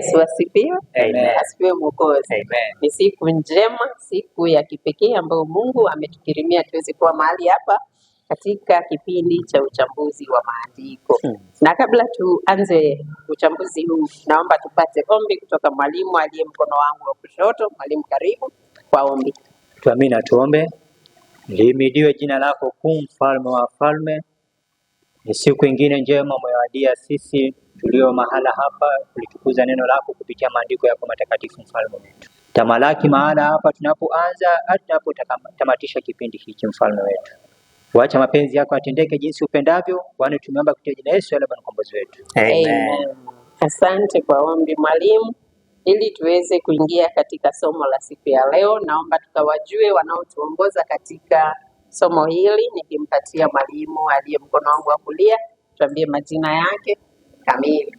Yesu asifiwe, asifiwe Mwokozi. Ni siku njema, siku ya kipekee ambayo Mungu ametukirimia tuweze kuwa mahali hapa katika kipindi cha uchambuzi wa maandiko hmm. Na kabla tuanze uchambuzi huu, naomba tupate ombi kutoka mwalimu aliye mkono wangu wa kushoto. Mwalimu, karibu kwa ombi. Tuamini na tuombe. Lihimidiwe jina lako kuu, mfalme wa falme. Ni siku ingine njema umewadia sisi Tulio mahala hapa kulitukuza neno lako kupitia maandiko yako matakatifu, mfalme wetu. Tamalaki mahala hapa tunapoanza hadi tunapotamatisha kipindi hiki, mfalme wetu. Wacha mapenzi yako yatendeke jinsi upendavyo, kwani tumeomba kupitia jina Yesu aliye Bwana mkombozi wetu. Amen. Asante kwa ombi mwalimu. Ili tuweze kuingia katika somo la siku ya leo, naomba tukawajue wanaotuongoza katika somo hili, nikimpatia mwalimu aliye mkono wangu wa kulia, tuambie majina yake kamili.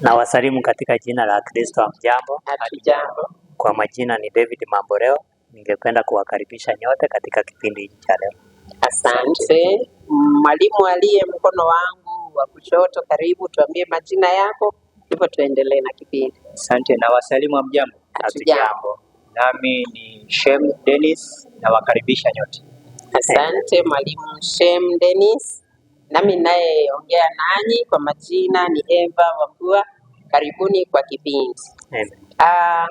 Na wasalimu katika jina la Kristo. Hamjambo? Hatujambo. Kwa majina ni David Mamboleo. Ningependa kuwakaribisha nyote katika kipindi hiki cha leo. Asante mwalimu aliye mkono wangu wa kushoto, karibu tuambie majina yako, ndipo tuendelee na kipindi. Asante na wasalimu. Hamjambo? Hatujambo. Nami ni Shem Dennis, nawakaribisha nyote. Asante mwalimu Shem Dennis nami ninayeongea nanyi kwa majina ni Eva Wambua. Karibuni kwa kipindi uh,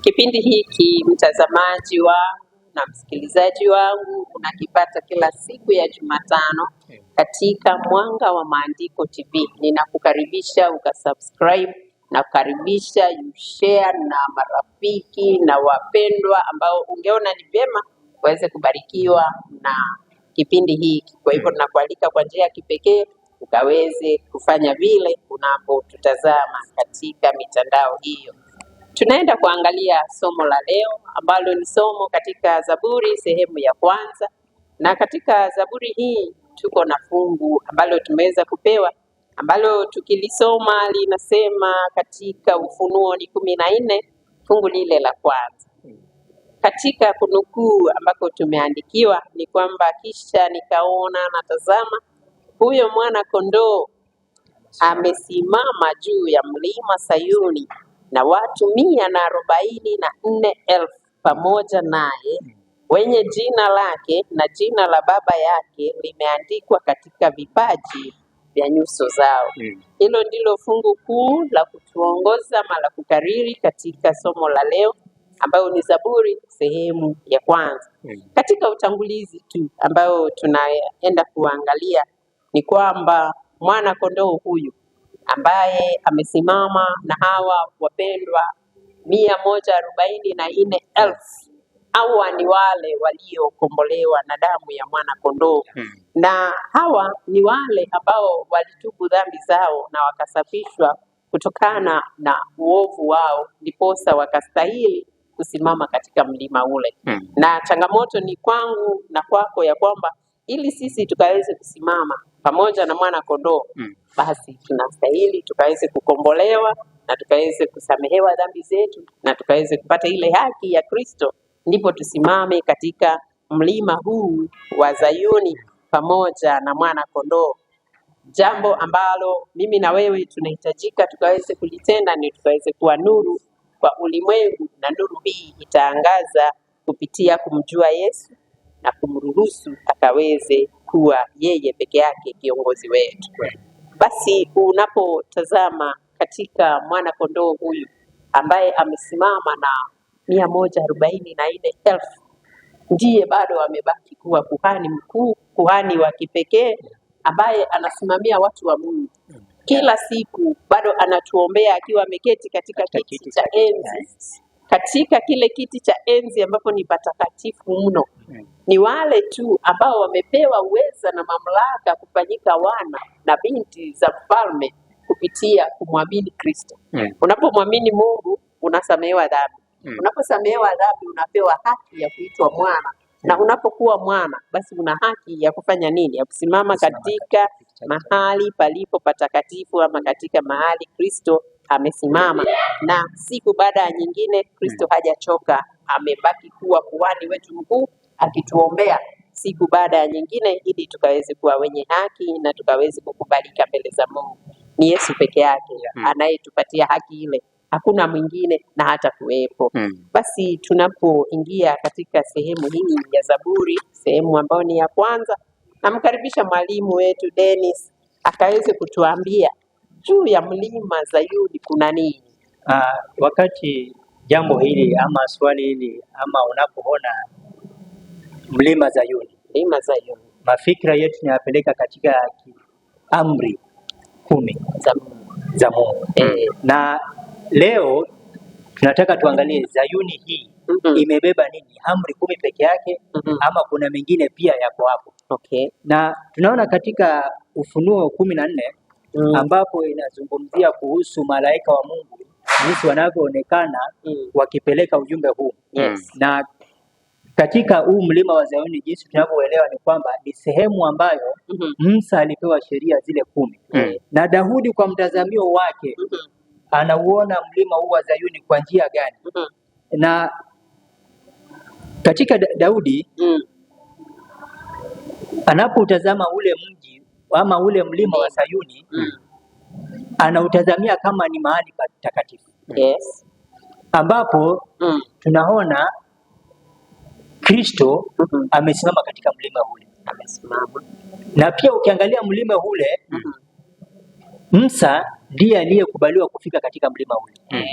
kipindi hiki mtazamaji wangu na msikilizaji wangu unakipata kila siku ya Jumatano katika Mwanga wa Maandiko TV. Ninakukaribisha ukasubscribe na kukaribisha ushare na marafiki na wapendwa ambao ungeona ni vyema waweze kubarikiwa na kipindi hiki. Kwa hivyo hmm. tunakualika kwa njia ya kipekee ukaweze kufanya vile unapotutazama katika mitandao hiyo. Tunaenda kuangalia somo la leo ambalo ni somo katika Zaburi sehemu ya kwanza, na katika Zaburi hii tuko na fungu ambalo tumeweza kupewa ambalo tukilisoma linasema katika Ufunuo ni kumi na nne fungu lile la kwanza katika kunukuu ambako tumeandikiwa ni kwamba, kisha nikaona natazama, huyo mwana kondoo amesimama juu ya mlima Sayuni na watu mia na arobaini na nne elfu pamoja naye, wenye jina lake na jina la baba yake limeandikwa katika vipaji vya nyuso zao. Hmm. Hilo ndilo fungu kuu la kutuongoza mara kukariri katika somo la leo ambayo ni Zaburi sehemu ya kwanza. Mm. Katika utangulizi tu ambao tunaenda kuangalia ni kwamba mwana kondoo huyu ambaye amesimama na hawa wapendwa mia moja arobaini na nne elfu hawa ni wale waliokombolewa na damu ya mwana kondoo hmm. Na hawa ni wale ambao walitubu dhambi zao na wakasafishwa kutokana na uovu wao, ndiposa wakastahili kusimama katika mlima ule hmm. Na changamoto ni kwangu na kwako ya kwamba ili sisi tukaweze kusimama pamoja na mwana kondoo hmm. Basi tunastahili tukaweze kukombolewa na tukaweze kusamehewa dhambi zetu na tukaweze kupata ile haki ya Kristo, ndipo tusimame katika mlima huu wa Zayuni pamoja na mwana kondoo. Jambo ambalo mimi na wewe tunahitajika tukaweze kulitenda, ni tukaweze kuwa nuru kwa ulimwengu, na nuru hii itaangaza kupitia kumjua Yesu na kumruhusu akaweze kuwa yeye peke yake kiongozi wetu. Basi unapotazama katika mwana kondoo huyu ambaye amesimama na mia moja arobaini na nne elfu ndiye bado amebaki kuwa kuhani mkuu, kuhani wa kipekee ambaye anasimamia watu wa Mungu kila siku bado anatuombea akiwa ameketi katika, katika kiti, kiti cha enzi katika kile kiti cha enzi ambapo ni patakatifu mno. Hmm. Ni wale tu ambao wamepewa uweza na mamlaka kufanyika wana na binti za mfalme kupitia kumwamini Kristo. Mm. Unapomwamini Mungu unasamehewa dhambi. Mm. Unaposamehewa dhambi unapewa haki ya kuitwa mwana. Na hmm. unapokuwa mwana basi una haki ya kufanya nini? Ya kusimama katika mahali palipo patakatifu ama katika mahali Kristo amesimama, na siku baada ya nyingine Kristo hmm. hajachoka, amebaki kuwa kuhani wetu mkuu akituombea siku baada ya nyingine, ili tukaweze kuwa wenye haki na tukaweze kukubalika mbele za Mungu. Ni Yesu peke yake hmm. anayetupatia haki ile, hakuna mwingine na hata kuwepo hmm. Basi tunapoingia katika sehemu hii ya Zaburi, sehemu ambayo ni ya kwanza Namkaribisha mwalimu wetu Dennis akaweze kutuambia juu ya mlima Zayuni kuna nini. Aa, ah, wakati jambo hili ama swali hili ama unapoona mlima Zayuni, mlima Zayuni, mafikira yetu yanapeleka katika amri kumi za Mungu e. Na leo tunataka tuangalie Zayuni hii mm -hmm. imebeba nini? Amri kumi peke yake mm -hmm. ama kuna mengine pia yako hapo okay. Na tunaona katika Ufunuo kumi na nne mm. ambapo inazungumzia kuhusu malaika wa Mungu jinsi wanavyoonekana mm. wakipeleka ujumbe huu yes. na katika huu mlima wa Zayuni jinsi tunavyoelewa ni kwamba ni sehemu ambayo mm -hmm. Musa alipewa sheria zile kumi mm -hmm. na Daudi kwa mtazamio wake mm -hmm. anauona mlima huu wa Zayuni kwa njia gani? mm -hmm. na katika da Daudi mm. anapotazama ule mji ama ule mlima wa Sayuni mm. anautazamia kama ni mahali patakatifu yes. ambapo mm. tunaona Kristo mm -hmm. amesimama katika mlima ule amesimama. Na pia ukiangalia mlima ule mm -hmm. Musa ndiye aliyekubaliwa kufika katika mlima ule mm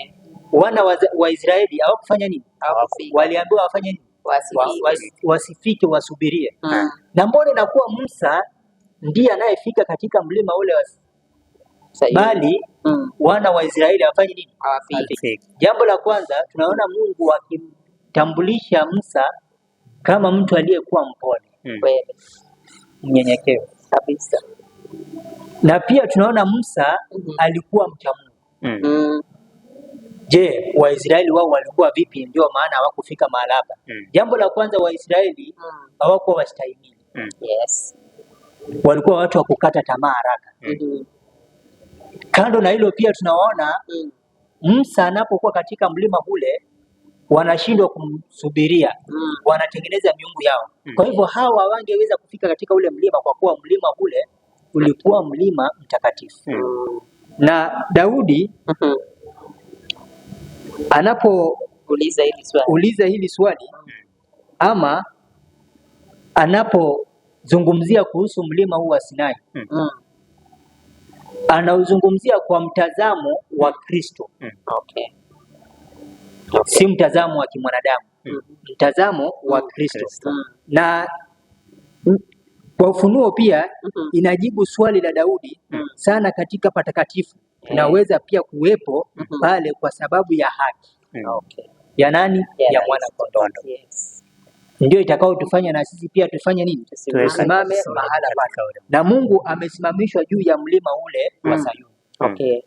Wana wa Israeli hawakufanya nini? Waliambiwa wafanye nini? wasifike wasubirie. Hmm. Na mbona inakuwa Musa ndiye anayefika katika mlima ule wa bali hmm. wana wa Israeli hawafanyi nini? Hawafiki. Jambo la kwanza tunaona Mungu akimtambulisha Musa kama mtu aliyekuwa mpole mm. mnyenyekevu kabisa, na pia tunaona Musa -hmm. alikuwa mcha Mungu hmm. Je, Waisraeli wao walikuwa vipi? Ndio maana hawakufika mahali hapa. Mm. Jambo la kwanza Waisraeli mm. hawakuwa mm. wastahimili. Mm. Yes. Walikuwa watu wa kukata tamaa haraka. Mm. Mm-hmm. Kando na hilo pia tunawaona mm. Musa anapokuwa katika mlima ule wanashindwa kumsubiria mm. wanatengeneza miungu yao mm. Kwa hivyo hawa hawangeweza kufika katika ule mlima kwa kuwa mlima ule ulikuwa mlima mtakatifu mm. na Daudi mm -hmm anapouliza hili swali, hili swali hmm. ama anapozungumzia kuhusu mlima huu wa Sinai hmm. hmm. anauzungumzia kwa mtazamo wa Kristo hmm. okay. okay. si mtazamo wa kimwanadamu hmm. mtazamo wa hmm. Kristo hmm. na kwa ufunuo pia -hmm. inajibu swali la Daudi hmm. sana katika patakatifu inaweza oh. pia kuwepo mm -hmm. pale kwa sababu ya haki okay. ya nani yeah, ya mwana kondondo yes. Ndio itakao tufanya na sisi pia tufanye nini? Tusimame mahala pale, na Mungu amesimamishwa juu ya mlima ule mm. wa Sayuni mm. okay.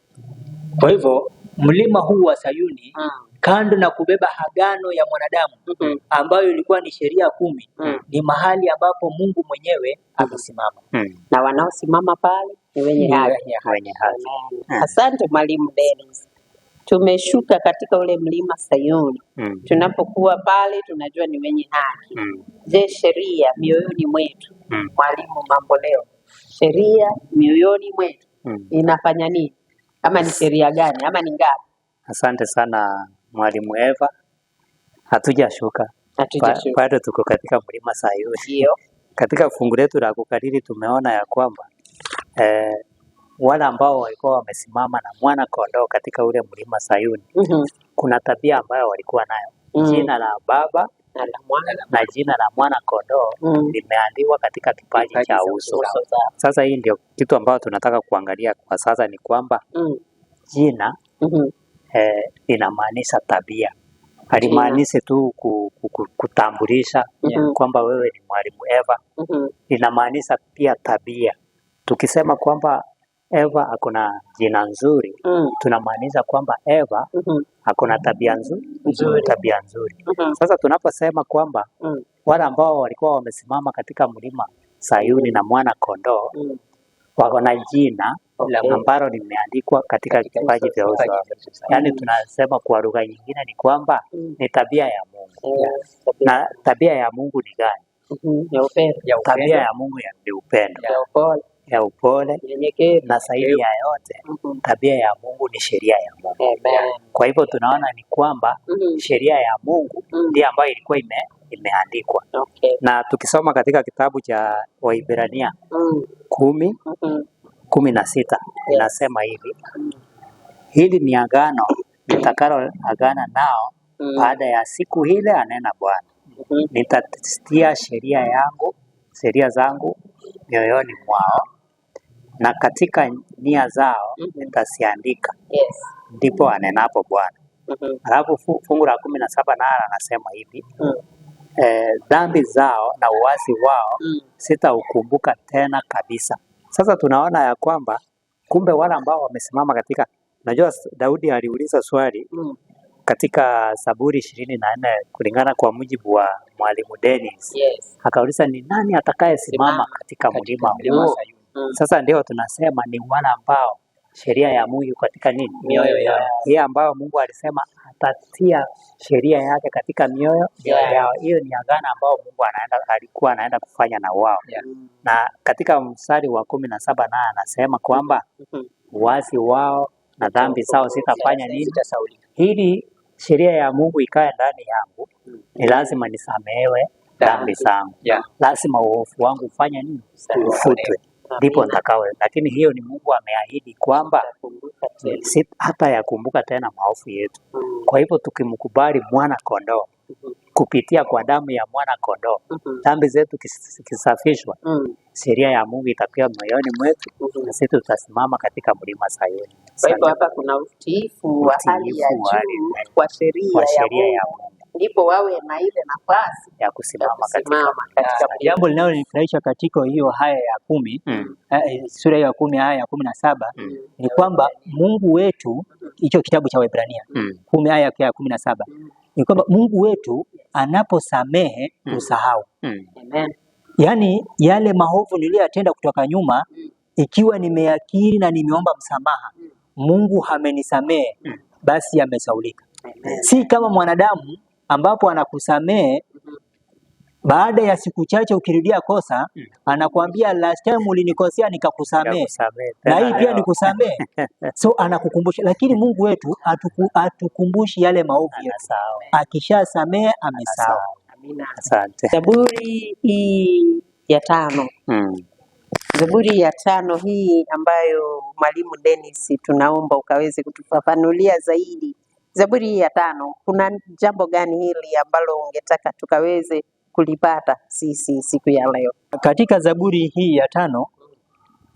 Kwa hivyo mlima huu wa Sayuni mm. kando na kubeba hagano ya mwanadamu mm. ambayo ilikuwa ni sheria kumi mm. ni mahali ambapo Mungu mwenyewe amesimama mm. na wanaosimama pale wenye haki. Asante Mwalimu Dennis. Tumeshuka katika ule mlima Sayuni. mm. Tunapokuwa pale tunajua ni wenye haki. mm. Je, sheria mioyoni mwetu mm. Mwalimu mambo leo, sheria mioyoni mwetu mm. inafanya nini? Ama ni sheria gani ama ni ngapi? Asante sana Mwalimu Eva. Hatujashuka, bado tuko katika mlima Sayuni. Ndio, katika fungu letu la kukariri tumeona ya kwamba eh, wale ambao walikuwa wamesimama na mwana kondoo katika ule mlima Sayuni mm -hmm. Kuna tabia ambayo walikuwa nayo mm. Jina la Baba na, la mwana, na jina la mwana kondoo mm. limeandikwa katika kipaji cha uso. Sasa hii ndio kitu ambayo tunataka kuangalia kwa sasa ni kwamba mm. jina mm -hmm. eh, inamaanisha tabia halimaanishi tu kutambulisha mm -hmm. kwamba wewe ni mwalimu Eva mm -hmm. inamaanisha pia tabia Tukisema kwamba Eva ako na jina nzuri mm. tunamaanisha kwamba Eva mm -hmm. ako na tabia nzuri, nzuri. tabia nzuri mm -hmm. Sasa tunaposema kwamba mm. wale ambao walikuwa wamesimama katika mlima Sayuni na mwana kondoo mm. wako na jina okay. ambalo limeandikwa katika vipaji vya uso, yaani mm. tunasema kwa lugha nyingine ni kwamba mm. ni tabia ya Mungu yes. na tabia ya Mungu ni gani? mm -hmm. ya upendo. Tabia ya Mungu ni upendo ya upendo ya upole na zaidi ya yote mm-hmm. tabia ya Mungu ni sheria ya Mungu Kwa hivyo tunaona ni kwamba mm-hmm. sheria ya Mungu mm ndiyo ambayo ilikuwa ime, imeandikwa na tukisoma katika kitabu cha Waibrania kumi kumi na sita inasema hivi hili ni agano nitakalo agana nao baada ya siku ile, anena Bwana mm nitatia sheria yangu sheria zangu mioyoni mwao na katika nia zao mm-hmm. ndipo yes. Ndipo anenapo Bwana. Mm-hmm. Alafu fungu la kumi na saba nara anasema hivi mm. Eh, dhambi zao na uasi wao mm. sitaukumbuka tena kabisa. Sasa tunaona ya kwamba kumbe wale ambao wamesimama katika, najua Daudi aliuliza swali mm. katika saburi ishirini na nne kulingana kwa mujibu wa Mwalimu Dennis yes. akauliza ni nani atakayesimama katika mlima huo sasa ndio tunasema ni wale ambao sheria ya Mungu katika nini? Mioyo yao. Yeye ambao Mungu alisema atatia sheria yake katika mioyo yeah. yao. Hiyo ni agano ambao Mungu anaenda alikuwa anaenda kufanya na wao yeah. na katika mstari wa kumi na saba naye anasema kwamba uasi mm-hmm. wao na dhambi zao sitafanya nini? Hili sheria ya Mungu ikae ndani yangu, mm. ni lazima nisamehewe dhambi zangu, lazima uovu wangu ufanye nini? Ufutwe ndipo nitakawe. Lakini hiyo ni Mungu ameahidi kwamba hata yakumbuka tena maovu yetu. Kwa hivyo tukimkubali mwana kondoo kupitia kwa damu ya mwana kondoo dhambi zetu kisafishwa sheria ya Mungu itakuwa moyoni mwetu na sisi tutasimama katika mlima Sayuni. Kwa hivyo hapa kuna utiifu wa hali ya juu kwa sheria ya Mungu ndipo wawe na ile nafasi ya kusimama katika jambo linalonifurahisha katika hiyo haya ya kumi mm. uh, sura ya kumi haya ya kumi na saba mm. ni kwamba Mungu wetu hicho kitabu cha Waebrania mm. kumi haya ya kumi na saba ni kwamba Mungu wetu anaposamehe mm. usahau mm. Amen. Yaani yale mahovu niliyoyatenda kutoka nyuma mm. ikiwa nimeakiri na nimeomba msamaha mm. Mungu amenisamehe mm. basi amesaulika. Si kama mwanadamu ambapo anakusamehe baada ya siku chache ukirudia kosa hmm. Anakuambia last time ulinikosea nikakusamehe, na hii pia nikusamee so anakukumbusha, lakini Mungu wetu atuku, atukumbushi yale maovu yetu. Akishasamehe amesawa. Amina, asante. Zaburi hii ya tano mm. Zaburi ya tano hii ambayo Mwalimu Dennis tunaomba ukaweze kutufafanulia zaidi Zaburi ya tano, kuna jambo gani hili ambalo ungetaka tukaweze kulipata sisi siku ya leo? Katika Zaburi hii ya tano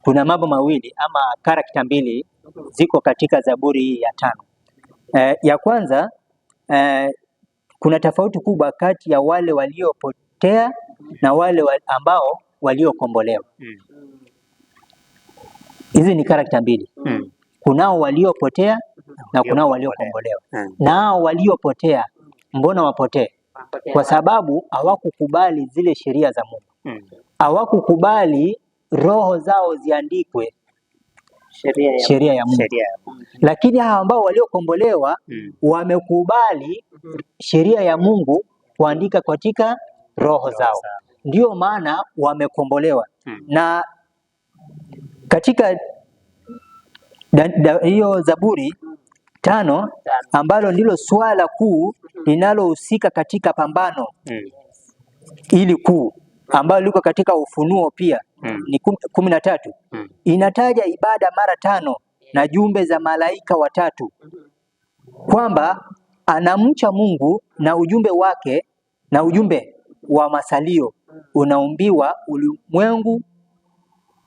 kuna mambo mawili ama karakta mbili ziko katika Zaburi hii ya tano. E, ya kwanza e, kuna tofauti kubwa kati ya wale waliopotea na wale wa, ambao waliokombolewa. Hmm. Hizi mm. ni karakta mbili mm kunao waliopotea na kunao waliokombolewa. Hmm. Nao waliopotea, mbona wapotee? Kwa sababu hawakukubali zile sheria za Mungu, hmm. hawakukubali roho zao ziandikwe sheria ya, sheria ya Mungu, sheria ya Mungu. Lakini hawa ambao waliokombolewa hmm. wamekubali sheria ya Mungu kuandika katika roho zao, ndiyo maana wamekombolewa na katika hiyo Zaburi tano ambalo ndilo swala kuu linalohusika katika pambano mm. ili kuu ambalo liko katika Ufunuo pia mm. ni kumi na tatu mm. inataja ibada mara tano na jumbe za malaika watatu kwamba anamcha Mungu na ujumbe wake na ujumbe wa masalio unaumbiwa ulimwengu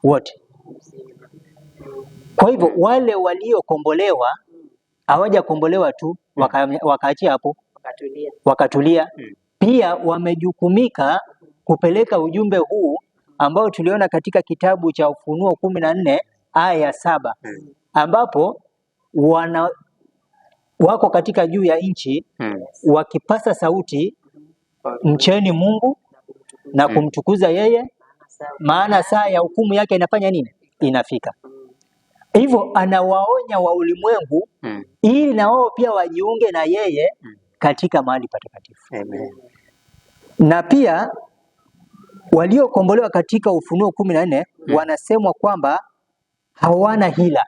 wote. Kwa hivyo wale waliokombolewa hawajakombolewa tu hmm. wakaachia hapo wakatulia, wakatulia. Hmm. Pia wamejukumika kupeleka ujumbe huu ambao tuliona katika kitabu cha Ufunuo kumi na nne aya ya saba hmm. ambapo wana wako katika juu ya nchi hmm. wakipasa sauti, mcheni Mungu na hmm. kumtukuza yeye, maana saa ya hukumu yake inafanya nini? Inafika. Hivyo anawaonya wa ulimwengu mm. ili na wao pia wajiunge na yeye mm. katika mahali patakatifu Na pia waliokombolewa katika Ufunuo kumi na nne mm. wanasemwa kwamba hawana hila.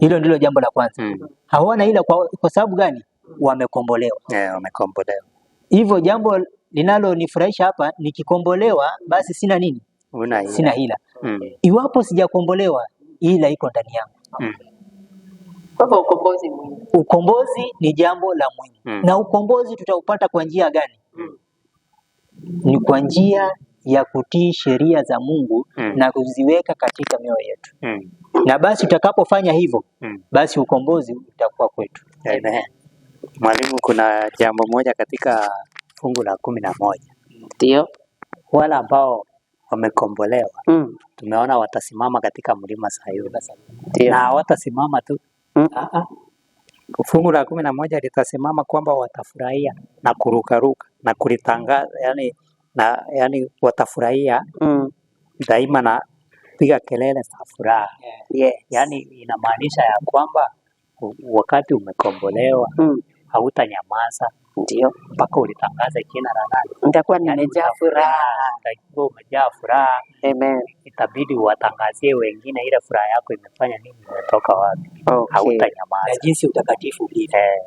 Hilo ndilo jambo la kwanza mm. hawana hila kwa, kwa sababu gani? Wamekombolewa, yeah, wamekombolewa. Hivyo jambo linalonifurahisha hapa, nikikombolewa basi sina nini? Una hila. Sina hila mm. iwapo sijakombolewa ila iko ndani yangu mm. Ukombozi, ukombozi ni jambo la muhimu mm. Na ukombozi tutaupata kwa njia gani? mm. Ni kwa njia ya kutii sheria za Mungu mm. na kuziweka katika mioyo yetu mm. Na basi utakapofanya hivyo mm. basi ukombozi utakuwa kwetu. Amen. Mwalimu, kuna jambo moja katika fungu la kumi na moja ndio wala ambao wamekombolewa mm. Tumeona watasimama katika mlima Sayuni na watasimama tu mm. Ah, ah. Fungu la kumi na moja litasimama kwamba watafurahia na kurukaruka na kulitangaza, yani, na yani watafurahia mm. daima na piga kelele za furaha yes. Yani inamaanisha ya kwamba wakati umekombolewa mm hautanyamaza ndio mpaka ulitangaza jina la nani. Nitakuwa yaani nimejaa furaha, nitakuwa umejaa furaha. Amen. Itabidi uwatangazie wengine ile furaha yako imefanya nini, imetoka wapi. Okay. Hautanyamaza na jinsi utakatifu ulivyo. Eh.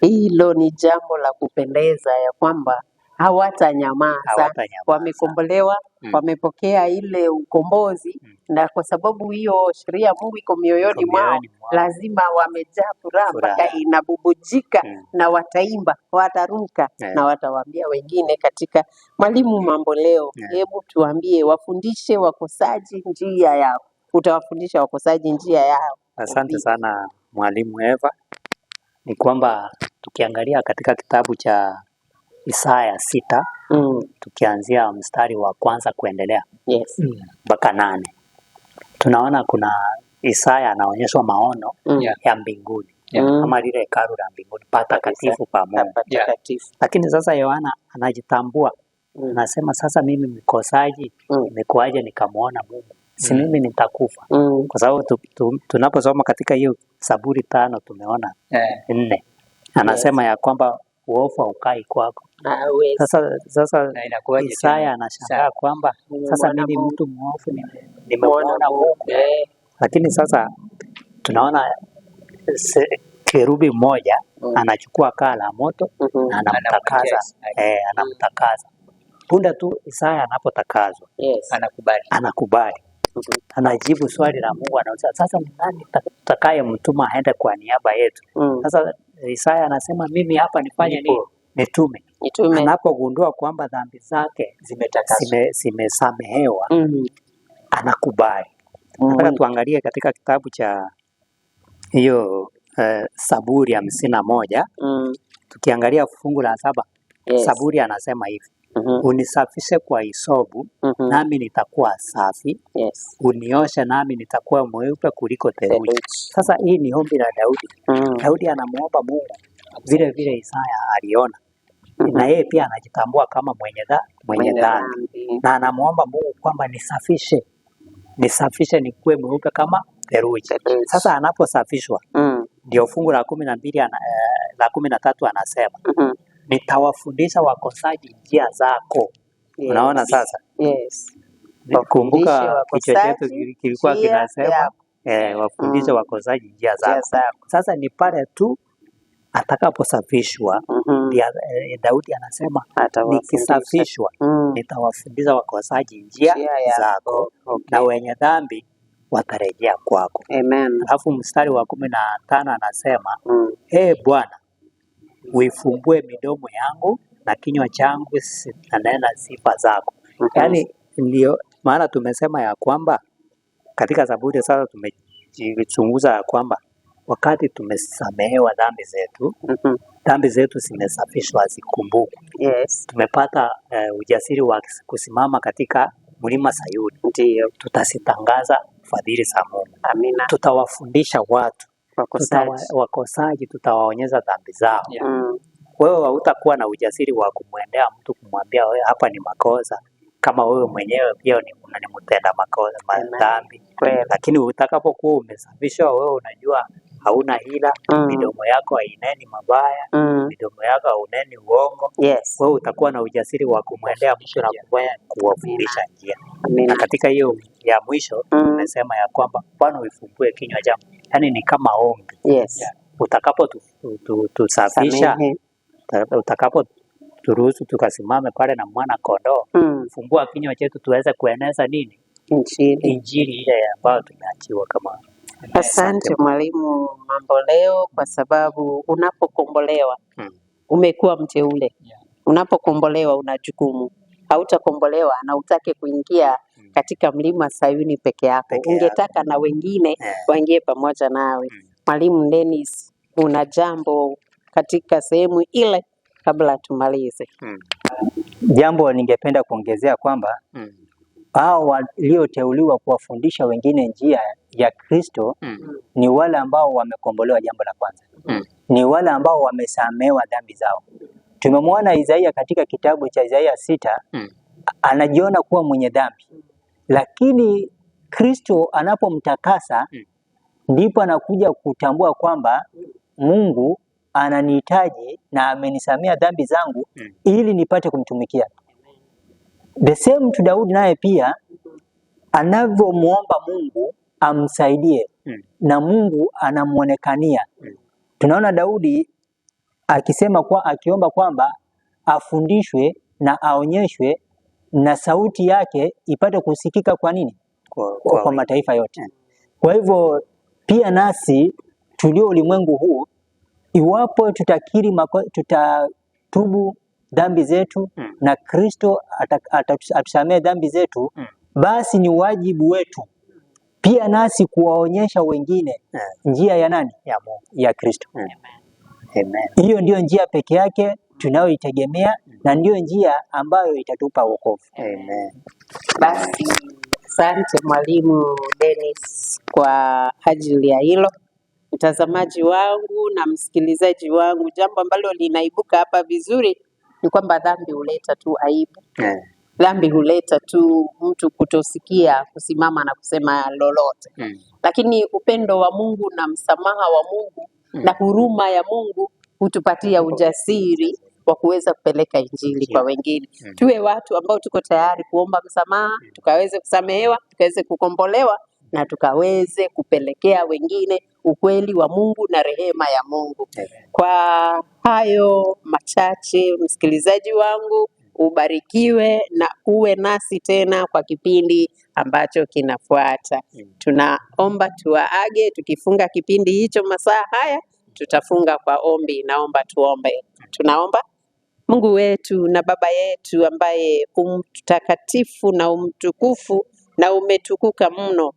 Hilo ni jambo la kupendeza ya kwamba hawatanyamaza, hawatanyamaza. Wamekombolewa mm. wamepokea ile ukombozi mm. na kwa sababu hiyo sheria ya Mungu iko mioyoni mwao, lazima wamejaa furaha mpaka inabubujika mm. na wataimba, wataruka yeah. Hmm. na watawaambia wengine katika Mwalimu hmm. mambo leo hmm. hebu tuambie, wafundishe wakosaji njia yao, utawafundisha wakosaji njia yao. Asante sana Mwalimu Eva. Ni kwamba tukiangalia katika kitabu cha Isaya sita mm. tukianzia mstari wa kwanza kuendelea mm. mpaka yes. nane tunaona kuna Isaya anaonyeshwa maono mm. ya mbinguni yeah. Mm. ama lile hekalu la mbinguni patakatifu pa Mungu yeah. Lakini sasa Yohana anajitambua mm. anasema sasa, mimi mkosaji mm. nikamwona Mungu? si mm. mimi nitakufa mm. kwa sababu tu, tu, tunaposoma katika hiyo Saburi tano tumeona yeah. nne anasema yes. ya kwamba uovu haukai kwako. Sasa, sasa Isaya anashangaa kwamba sasa mimi mtu mwovu nimemwona Mungu, eh. lakini sasa tunaona kerubi mmoja mm. anachukua kaa la moto mm -hmm. na anamtakaza eh, anamtakaza mm. punda tu Isaya anapotakazwa yes. anakubali, anakubali. Mm -hmm. anajibu swali la Mungu, anauliza sasa, nani tutakaye mtuma aende kwa niaba yetu? mm. sasa Isaya anasema mimi hapa nifanye nini? Nitume. Nitume. Anapogundua kwamba dhambi zake zimesamehewa zime mm. anakubali. Mm-hmm. Nataka mm. tuangalie katika kitabu cha hiyo uh, Saburi hamsini na moja mm. tukiangalia fungu la saba yes. Saburi anasema hivi -hmm. unisafishe kwa hisobu mm -hmm. nami nitakuwa safi yes. Unioshe nami nitakuwa mweupe kuliko theluji. Sasa hii ni ombi la Daudi mm -hmm. Daudi anamwomba Mungu vile vile Isaya aliona mm -hmm. na yeye pia anajitambua kama mwenye dha, mwenye dhambi na anamwomba Mungu kwamba nisafishe, nisafishe nikuwe mweupe kama theluji. Sasa anaposafishwa mm. ndio mm -hmm. fungu la kumi na mbili eh, la kumi na tatu anasema mm -hmm nitawafundisha wakosaji njia zako. Yes. Unaona sasa? Yes. Kumbuka kichwa chetu kilikuwa kinasema eh, mm. wafundishe mm. wakosaji njia zako. zako. Sasa ni pale tu atakaposafishwa mm -hmm. Daudi anasema nikisafishwa, mm. nitawafundisha wakosaji njia zako okay. na wenye dhambi watarejea kwako. Amen. Alafu mstari wa kumi na tano anasema mm. hey, ee Bwana uifumbue midomo yangu na kinywa changu nanena sifa zako. Okay. Yaani ndio maana tumesema ya kwamba katika Zaburi sasa tumejichunguza ya kwamba wakati tumesamehewa dhambi zetu mm -hmm. Dhambi zetu zimesafishwa zikumbukwe. Yes. Tumepata uh, ujasiri wa kusimama katika mlima Sayuni. Ndio. Tutazitangaza fadhili za Mungu. Amina. Tutawafundisha watu wakosaji tutawaonyeza dhambi zao yeah. Mm. Wewe hautakuwa na ujasiri wa kumwendea mtu kumwambia wewe hapa ni makosa, kama wewe mwenyewe pia unanimtenda makosa madhambi, lakini utakapokuwa umesafishwa, wewe unajua hauna hila mm. midomo yako haineni mabaya mm. midomo yako hauneni uongo yes. Wewe utakuwa na ujasiri wa kumwendea mtu na kuwafundisha njia, na katika hiyo ya mwisho mm. ya kwamba Bwana uifungue kinywa changu yani ni kama ombi yes. yeah. utakapo tusafisha utakapo turuhusu tukasimame pale na mwana kondoo mm. fungua kinywa chetu tuweze kueneza nini injili, injili ile ambayo tumeachiwa kama Asante Mwalimu Mamboleo, kwa sababu unapokombolewa hmm. umekuwa mteule yeah. Unapokombolewa una jukumu, hautakombolewa na utake kuingia katika mlima Sayuni peke yako, peke ungetaka na wengine yeah, waingie pamoja nawe. Hmm. Mwalimu Dennis, una jambo katika sehemu ile kabla tumalize? mm. Jambo ningependa kuongezea kwamba mm. hao walioteuliwa kuwafundisha wengine njia ya Kristo mm. ni wale ambao wamekombolewa, jambo la kwanza mm. ni wale ambao wamesamewa dhambi zao. Tumemwona Isaia katika kitabu cha Isaia sita mm. anajiona kuwa mwenye dhambi lakini Kristo anapomtakasa hmm. ndipo anakuja kutambua kwamba Mungu ananihitaji na amenisamea dhambi zangu hmm. ili nipate kumtumikia. The same to Daudi naye pia anavyomwomba Mungu amsaidie mm. na Mungu anamwonekania mm. Tunaona Daudi akisema kwa, akiomba kwamba afundishwe na aonyeshwe na sauti yake ipate kusikika kwa nini? Kwa, kwa, kwa mataifa yote. Hmm. Kwa hivyo pia nasi tulio ulimwengu huu, iwapo tutakiri mako, tutatubu dhambi zetu mm. na Kristo atusamee dhambi zetu mm. basi ni wajibu wetu pia nasi kuwaonyesha wengine mm. njia ya nani? Ya Mungu, ya Kristo. Amen. Amen. Hiyo ndiyo njia peke yake tunayoitegemea na ndiyo njia ambayo itatupa wokovu. Basi asante Mwalimu Dennis kwa ajili ya hilo. Mtazamaji wangu na msikilizaji wangu, jambo ambalo linaibuka hapa vizuri ni kwamba dhambi huleta tu aibu yeah. Dhambi huleta tu mtu kutosikia kusimama na kusema lolote mm. Lakini upendo wa Mungu na msamaha wa Mungu mm. na hmm. huruma ya Mungu hutupatia ujasiri wa kuweza kupeleka Injili kwa wengine. Mm. Tuwe watu ambao tuko tayari kuomba msamaha, mm. tukaweze kusamehewa, tukaweze kukombolewa na tukaweze kupelekea wengine ukweli wa Mungu na rehema ya Mungu. Kwa hayo machache, msikilizaji wangu, ubarikiwe na uwe nasi tena kwa kipindi ambacho kinafuata. Mm. Tunaomba tuwaage tukifunga kipindi hicho masaa haya, tutafunga kwa ombi. Naomba tuombe. Tunaomba Mungu wetu na Baba yetu ambaye umtakatifu na umtukufu na umetukuka mno,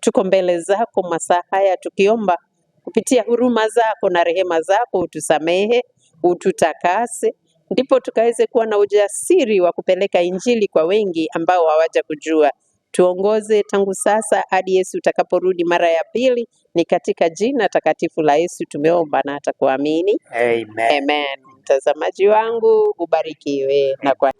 tuko mbele zako masaa haya tukiomba kupitia huruma zako na rehema zako utusamehe, ututakase, ndipo tukaweze kuwa na ujasiri wa kupeleka Injili kwa wengi ambao hawajakujua. Tuongoze tangu sasa hadi Yesu utakaporudi mara ya pili. Ni katika jina takatifu la Yesu tumeomba na atakuamini. Amen. Amen. Mtazamaji wangu ubarikiwe na kwa